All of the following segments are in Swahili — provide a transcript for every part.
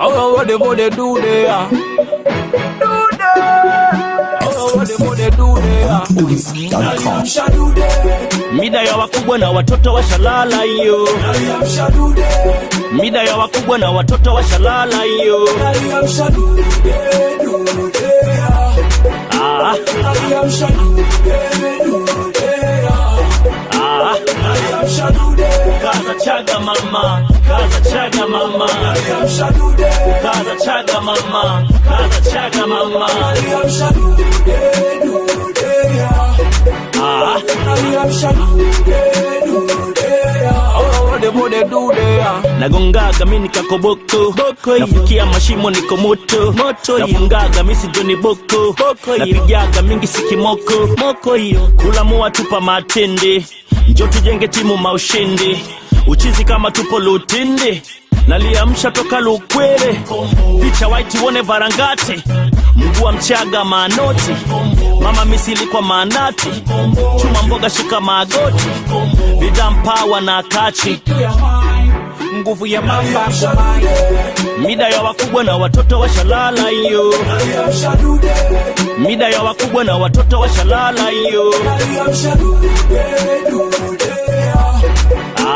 don't know what the boy they do there. Do there. Mida ya wakubwa na watoto washalala hiyo, mida ya wakubwa na watoto washalala hiyo. Ah. Kaza chaga mama, kaza chaga mama, kaza chaga mama, kaza chaga mama. Ah. Nagongaga mimi nikakoboko nafukia mashimo niko moto nafungaga mimi sijoni boko napigaga mingi sikimoko kula muwa tupa matende njo tujenge timu maushindi uchizi kama tupo Lutindi, naliamsha toka Lukwele, picha white wone Varangati, mguu Mchaga manoti, mama misili kwa manati, chuma mboga shika magoti, vidampawa na kachi nguvu ya mamba mida ya wakubwa na watoto washalala hiyo, mida ya wakubwa na watoto washalala hiyo.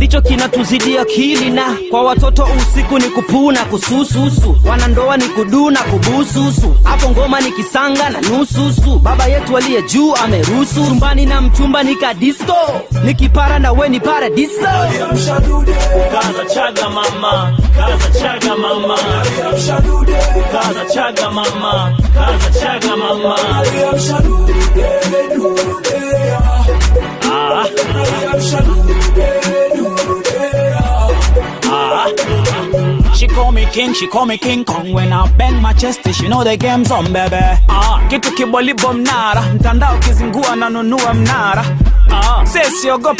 ndicho kinatuzidi kili na kwa watoto usiku ni kupuna kusususu, wanandoa ni kuduna kubususu, hapo ngoma ni kisanga na nususu. Baba yetu aliye juu amerusu chumbani na mchumba ni kadisko, nikipara na we ni paradiso. Kaza chaga mama, kaza chaga mama, kaza chaga mama, kaza chaga mama. call me king, she call me King Kong. When I bang my chest, she know the game's on baby. Ah, kitu kiboli bom nara mtandao kizingua na nanunua mnara. Ah,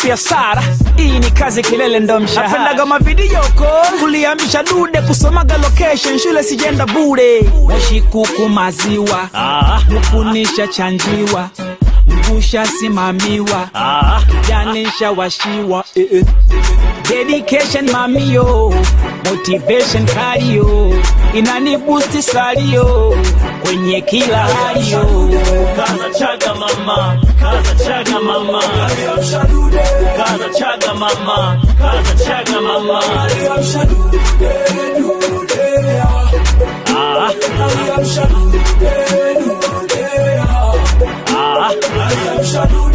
ya sara hii ni kazi kilele ndo mshahara. gama video call kuliamisha dude, kusomaga location, shule sijenda bure. Weshi kuku maziwa, ah, hukunisha chanjiwa ushasimamiwa janisha yaani washiwa eh, eh. Dedication mamio, motivation kalio, inani boost salio kwenye kila halio. Kaza chaga mama, kaza chaga mama, kaza chaga mama, kaza chaga mama. do